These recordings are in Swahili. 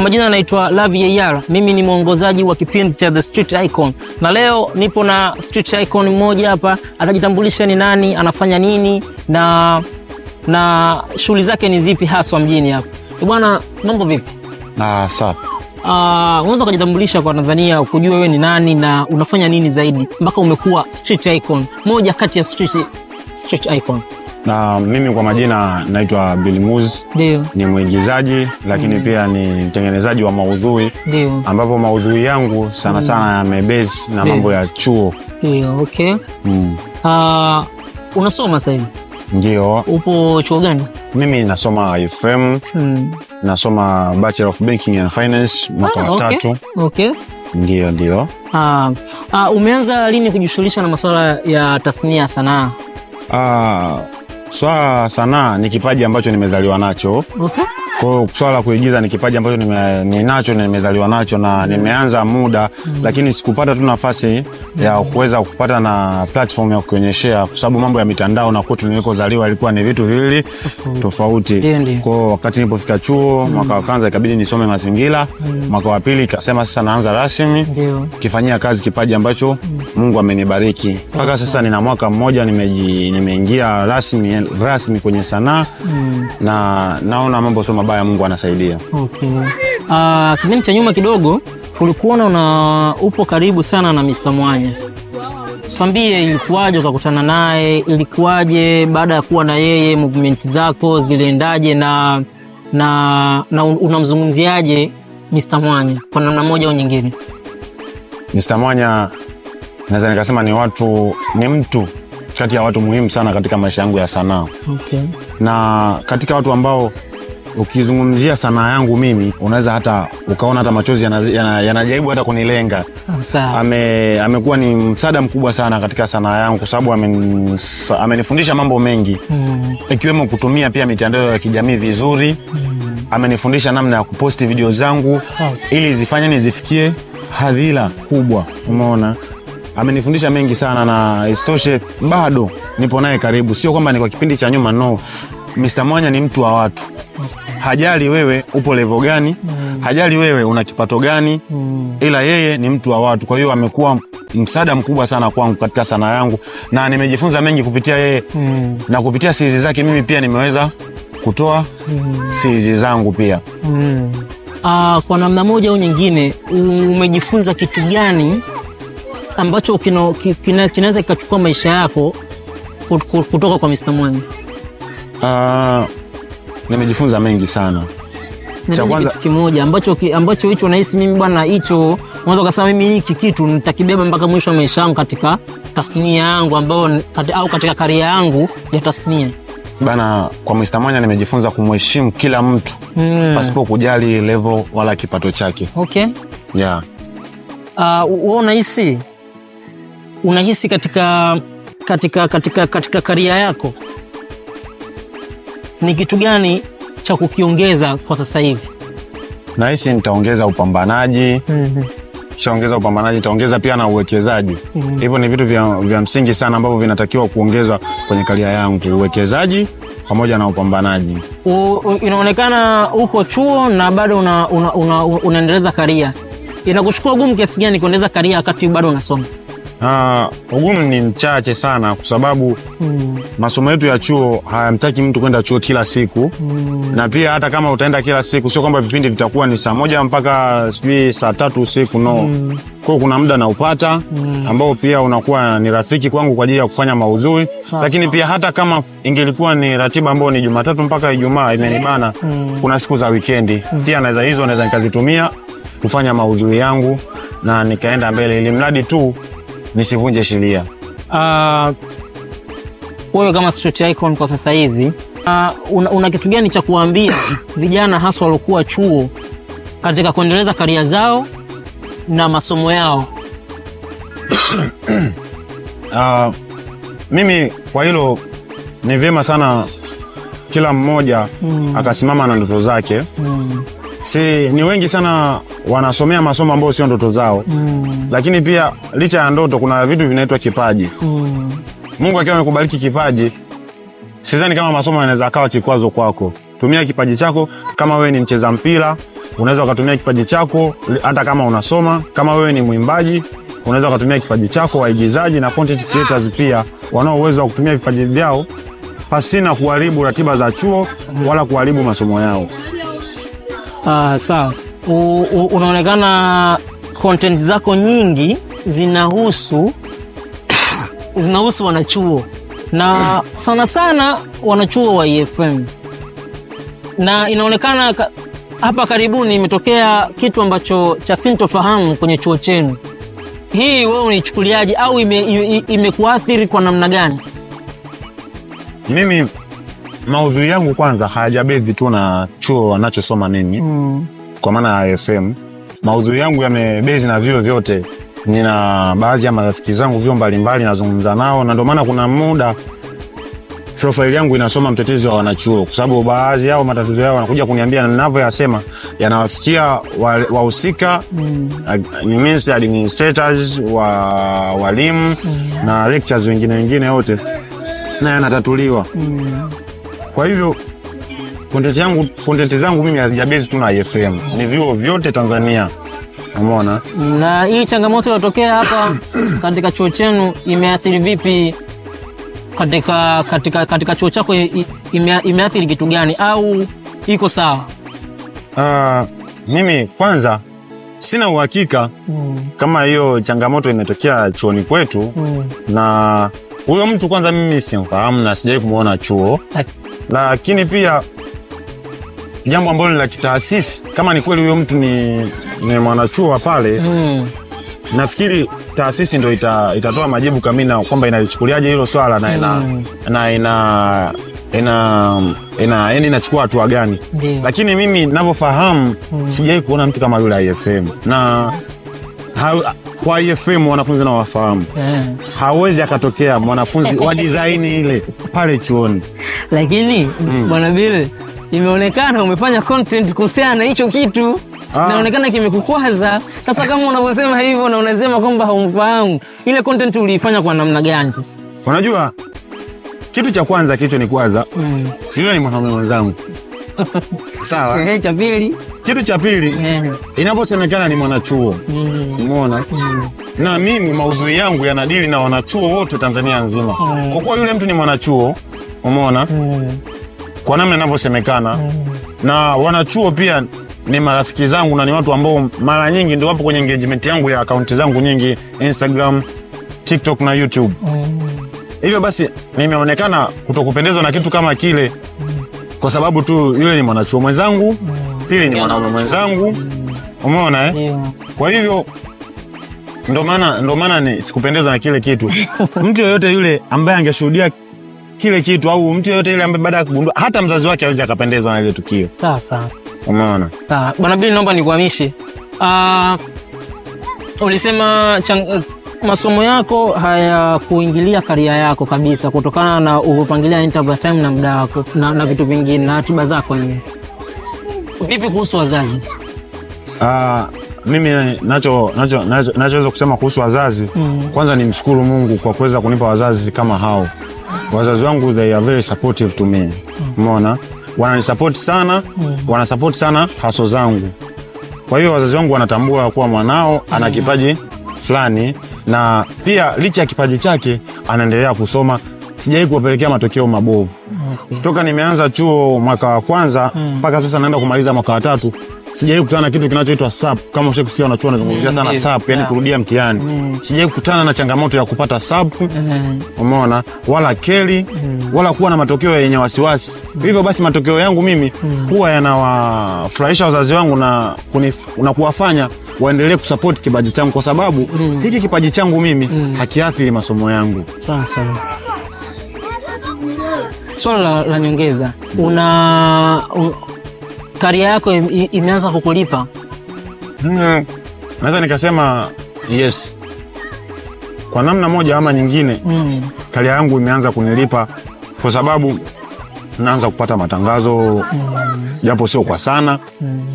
Kwa majina anaitwa Love Yayara, mimi ni mwongozaji wa kipindi cha The Street Icon, na leo nipo na Street Icon mmoja hapa, atajitambulisha ni nani, anafanya nini na na shughuli zake ni zipi haswa mjini hapa. E bwana, mambo vipi? Ah, sawa. Uh, unaweza ukajitambulisha kwa Tanzania ukujua wewe ni nani na unafanya nini zaidi mpaka umekuwa Street Icon, moja kati ya Street, Street Icon. Na mimi kwa majina naitwa Bill Muz. Ndio. Ni mwigizaji lakini mm. pia ni mtengenezaji wa maudhui ambapo maudhui yangu sana mm. sana yamebase mm. na mambo ya chuo. Ndio, okay. Mm. Uh, unasoma sasa hivi? Ndio. Upo chuo gani? Mimi nasoma IFM. Mm. Nasoma Bachelor of Banking and Finance mwaka ah, wa tatu. Okay. Okay. Ndio, ndio. uh, umeanza lini kujishughulisha na masuala ya tasnia sanaa? Ah, uh, Swala sanaa ni kipaji ambacho nimezaliwa nacho. Okay. Kwa hiyo swala la kuigiza ni kipaji ambacho ninacho, ni nimezaliwa nacho na nimeanza muda mm. Lakini sikupata tu nafasi ya mm. kuweza kupata na platform ya kuonyeshea, kwa sababu mambo ya mitandao na kwetu nilikozaliwa ilikuwa ni vitu viwili tofauti. Kwa hiyo wakati nilipofika chuo mm. mwaka wa kwanza ikabidi nisome mazingira mm. mwaka wa pili ikasema sasa naanza rasmi kifanyia kazi kipaji ambacho mm. Mungu amenibariki mpaka sasa, nina mwaka mmoja nimeingia nime rasmi rasmi kwenye sanaa mm. na naona mambo soma mabaya Mungu anasaidia. Okay. Uh, kipindi cha nyuma kidogo tulikuona una upo karibu sana na Mr. Mwanya. Tuambie ilikuwaje ukakutana naye, ilikuwaje baada ya kuwa na yeye, movement zako ziliendaje na, na, na unamzungumziaje Mr. Mwanya kwa namna moja au nyingine? Mr. Mwanya naweza nikasema ni watu ni mtu kati ya watu muhimu sana katika maisha yangu ya sanaa. Okay. Na katika watu ambao ukizungumzia sanaa yangu mimi, unaweza hata ukaona hata machozi yanajaribu hata kunilenga. Ame, amekuwa ni msaada mkubwa sana katika sanaa yangu kwa sababu amenifundisha mambo mengi hmm. ikiwemo kutumia pia mitandao ya kijamii vizuri mm. amenifundisha namna ya kuposti video zangu ili zifanyeni zifikie hadhira kubwa, umeona amenifundisha mengi sana, na istoshe bado nipo naye karibu. Sio kwamba ni kwa kipindi cha nyuma, no. Mr. Mwanya ni mtu wa watu. Hajali wewe upo levo gani, mm. hajali wewe una kipato gani, mm. ila yeye ni mtu wa watu. Kwa hiyo amekuwa msaada mkubwa sana kwangu katika sanaa yangu na nimejifunza mengi kupitia yeye, mm. na kupitia siri zake mimi pia nimeweza kutoa mm. siri zangu pia mm. Aa, ah, kwa namna moja au nyingine umejifunza kitu gani ambacho kinaweza kikachukua maisha yako kutoka kwa Mr. Mwangi? Ah, nimejifunza mengi sana. Kitu kimoja ambacho ambacho hicho nahisi mimi bwana, hicho unaweza kasema mimi hiki kitu nitakibeba mpaka mwisho wa maisha yangu katika tasnia yangu ambayo au katika karia yangu ya tasnia bana. Kwa Mr. Mwanya nimejifunza kumheshimu kila mtu mm, pasipo kujali level wala kipato chake. Okay. Yeah. Uh, unahisi unahisi katika, katika, katika, katika karia yako ni kitu gani cha kukiongeza kwa sasa hivi? Nahisi nitaongeza upambanaji mm -hmm. Shaongeza upambanaji, taongeza pia na uwekezaji mm -hmm. Hivyo ni vitu vya, vya msingi sana ambavyo vinatakiwa kuongeza kwenye karia yangu, uwekezaji pamoja na upambanaji. Inaonekana uko chuo na bado una, una, una, unaendeleza karia. Inakuchukua gumu kiasi gani kuendeleza karia wakati bado unasoma? Uh, ugumu ni mchache sana kwa sababu mm. masomo yetu ya chuo hayamtaki mtu kwenda chuo kila siku mm. na pia hata kama utaenda kila siku sio kwamba vipindi vitakuwa ni saa moja mpaka sijui saa tatu usiku no mm. kwao kuna muda naupata mm. ambao pia unakuwa ni rafiki kwangu kwa ajili ya kufanya maudhui Lakini pia hata kama ingelikuwa ni ratiba ambayo ni Jumatatu mpaka Ijumaa imenibana mm. kuna siku za wikendi mm. pia naweza hizo naweza nikazitumia kufanya maudhui yangu na nikaenda mbele, ili mradi tu nisivunje sheria. Uh, wewe kama street icon kwa sasa hivi uh, una, una kitu gani cha kuambia vijana hasa waliokuwa chuo katika kuendeleza karia zao na masomo yao? Uh, mimi kwa hilo ni vyema sana kila mmoja mm. akasimama na ndoto zake mm si ni wengi sana wanasomea masomo ambayo sio ndoto zao mm. Lakini pia licha ya ndoto kuna vitu vinaitwa kipaji mm. Mungu akiwa amekubariki kipaji, sizani kama masomo yanaweza akawa kikwazo kwako. Tumia kipaji chako. Kama wewe ni mcheza mpira, unaweza ukatumia kipaji chako hata kama unasoma. Kama wewe ni mwimbaji unaweza ukatumia kipaji chako. Waigizaji na content creators pia wanao uwezo wa kutumia vipaji vyao pasina kuharibu ratiba za chuo wala kuharibu masomo yao. Ah, sawa. Unaonekana content zako nyingi zinahusu zinahusu wanachuo na sana sana wanachuo wa EFM, na inaonekana hapa karibuni imetokea kitu ambacho cha sintofahamu kwenye chuo chenu. Hii wewe unaichukuliaje au imekuathiri ime, ime kwa namna gani? Mimi maudhui yangu kwanza hayajabedhi tu na chuo wanachosoma nini mm. kwa maana ya FM maudhui yangu yamebezi na vio vyote. Nina baadhi ya marafiki zangu vyo mbalimbali nazungumza nao, na ndomaana kuna muda profaili yangu inasoma mtetezi wa wanachuo, kwa sababu baadhi yao matatizo yao wanakuja kuniambia, ninavyoyasema yanawafikia wahusika wa mm. wa walimu mm. na wengine wengine wote na yanatatuliwa mm. Kwa hivyo content yangu content zangu mimi hazijabezi tu na IFM, ni vyuo vyote Tanzania. Umeona? Na hii changamoto iliyotokea hapa katika chuo chenu imeathiri vipi katika, katika, katika chuo chako ime, imeathiri kitu gani au iko sawa? Uh, mimi kwanza sina uhakika mm. kama hiyo changamoto imetokea chuoni kwetu mm. na huyo mtu kwanza mimi simfahamu na sijawahi kumwona chuo, lakini pia jambo ambalo la kitaasisi, kama ni kweli huyo mtu ni, ni mwanachuo pale mm. Nafikiri taasisi ndo ita, itatoa majibu kamina kwamba inalichukuliaje hilo swala na ina, mm. na ina ina ina yani inachukua hatua gani? Ndiyo. Lakini mimi ninavyofahamu mm. sijawahi kuona mtu kama yule IFM na ha, kwa IFM wanafunzi na wafahamu yeah. hawezi akatokea mwanafunzi wa design ile pale chuoni lakini mm. bwana mm. imeonekana umefanya content kuhusiana na hicho kitu ah. Naonekana kimekukwaza sasa. Kama unavyosema hivyo na unasema kwamba haumfahamu, ile content uliifanya kwa namna gani? Sasa unajua kitu cha kwanza kicho ni kwanza mm. ni mwanaume mwenzangu sawa. cha pili, kitu cha pili yeah. inavyosemekana ni mwanachuo mm. umeona mm. na mimi maudhui yangu yanadili na wanachuo wote Tanzania nzima mm. kwa kuwa yule mtu ni mwanachuo umeona mm. kwa namna inavyosemekana mm. na wanachuo pia ni marafiki zangu na ni watu ambao mara nyingi ndio wapo kwenye engagement yangu ya akaunti zangu nyingi Instagram, TikTok na YouTube mm. hivyo basi nimeonekana kutokupendezwa na kitu kama kile mm. kwa sababu tu yule ni mwanachuo mwenzangu pili mm. ni mwanaume mwenzangu mm. umeona eh? Yeah. Kwa hivyo ndo maana ndo maana ni sikupendezwa na kile kitu mtu yoyote yule ambaye angeshuhudia kile kitu au mtu yoyote ile ambaye baada ya kugundua hata mzazi wake hawezi akapendezwa na ile tukio. Sawa sawa. Umeona? Sawa. Bwana Billy, naomba nikuhamishe. Ah, ulisema chang masomo yako hayakuingilia karia yako kabisa kutokana na upangilia interval time na muda wako na, na vitu vingine na ratiba zako wenyewe. Vipi kuhusu wazazi? Ah, mimi nachoweza nacho, nacho, kusema kuhusu wazazi mm. Kwanza nimshukuru Mungu kwa kuweza kunipa wazazi kama hao. Wazazi wangu they are very supportive to me, mm. umeona mm. Wananisupport sana mm. Wanasupport sana haso zangu, kwa hiyo wazazi wangu wanatambua kuwa mwanao ana mm. kipaji fulani, na pia licha ya kipaji chake anaendelea kusoma. Sijai kuwapelekea matokeo mabovu okay. Mm. Toka nimeanza chuo mwaka wa kwanza mpaka mm. sasa naenda kumaliza mwaka wa tatu Sijai kukutana na kitu kinachoitwa SAP. Kama ushe kusikia wanachuo wanazungumzia sana SAP, yani kurudia mtihani. Mm. Sijai kukutana na changamoto ya kupata SAP, mm-hmm. umeona, wala keli, mm. wala kuwa na matokeo yenye wasiwasi. Mm. Hivyo basi matokeo yangu mimi huwa yanawafurahisha wazazi wangu na na kuwafanya waendelee kusapoti kipaji changu kwa sababu hiki kipaji changu mimi hakiathiri masomo yangu. Sasa swala la nyongeza una karia yako imeanza kukulipa? Mm, naweza nikasema yes, kwa namna moja ama nyingine mm. Karia yangu imeanza kunilipa kwa sababu naanza kupata matangazo mm. Japo sio kwa sana mm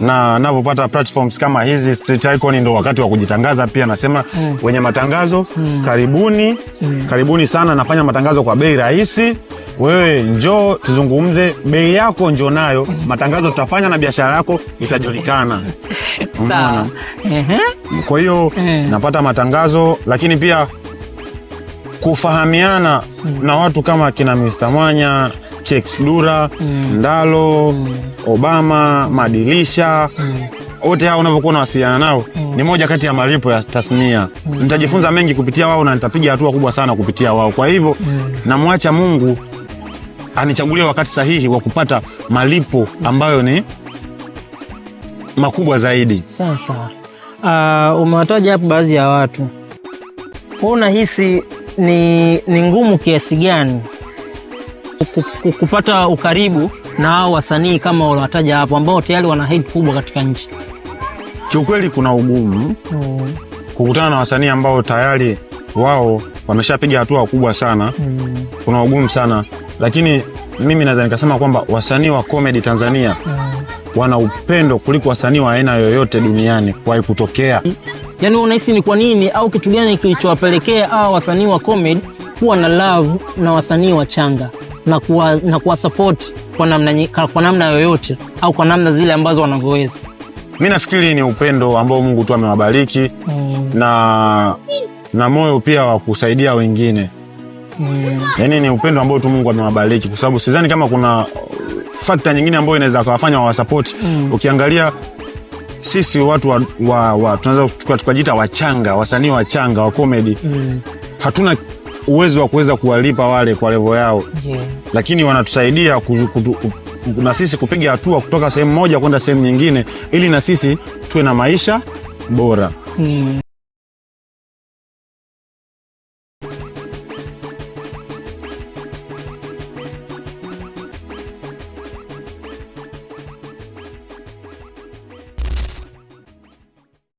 na navyopata platforms kama hizi Street Icon, ndo wakati wa kujitangaza pia. Nasema mm. wenye matangazo mm. karibuni mm. karibuni sana, nafanya matangazo kwa bei rahisi. Wewe njoo tuzungumze, bei yako njo nayo, matangazo tutafanya na biashara yako itajulikana. Sawa. Kwa hiyo eh. napata matangazo, lakini pia kufahamiana mm. na watu kama kina Mr. Mwanya Chex Dura mm. Ndalo mm. Obama Madilisha mm. wote hao unavyokuwa unawasiliana nao mm. ni moja kati ya malipo ya tasnia mm. nitajifunza mengi kupitia wao na nitapiga hatua kubwa sana kupitia wao. Kwa hivyo mm. namwacha Mungu anichagulie wakati sahihi wa kupata malipo ambayo ni makubwa zaidi. Sawa sawa. Uh, umewataja hapo baadhi ya watu, wewe unahisi ni, ni ngumu kiasi gani kupata ukaribu na hao wasanii kama waliwataja hapo ambao tayari wana hype kubwa katika nchi. Kiukweli kuna ugumu mm. kukutana na wasanii ambao tayari wao wameshapiga hatua kubwa sana mm. kuna ugumu sana, lakini mimi naweza nikasema kwamba wasanii wa comedy Tanzania mm. wana upendo kuliko wasanii wa aina yoyote duniani kuwahi kutokea. Yani, unahisi ni kwa nini au kitu gani kilichowapelekea hawa wasanii wa comedy kuwa na love na wasanii wa changa? na kuwa, na kuwa support kwa namna, kwa namna yoyote au kwa namna zile ambazo wanavyoweza. Mi nafikiri ni upendo ambao Mungu tu amewabariki mm. na, na moyo pia wa kusaidia wengine mm. Yaani ni upendo ambao tu Mungu amewabariki kwa sababu sidhani kama kuna fakta nyingine ambayo inaweza kawafanya wawasapoti mm. Ukiangalia sisi watu wa, wa, wa, tunaweza tukajiita wachanga, wasanii wachanga wa komedi mm. hatuna uwezo wa kuweza kuwalipa wale kwa levo yao yeah. Lakini wanatusaidia na sisi kupiga hatua kutoka sehemu moja kwenda sehemu nyingine, ili na sisi tuwe na maisha bora mm.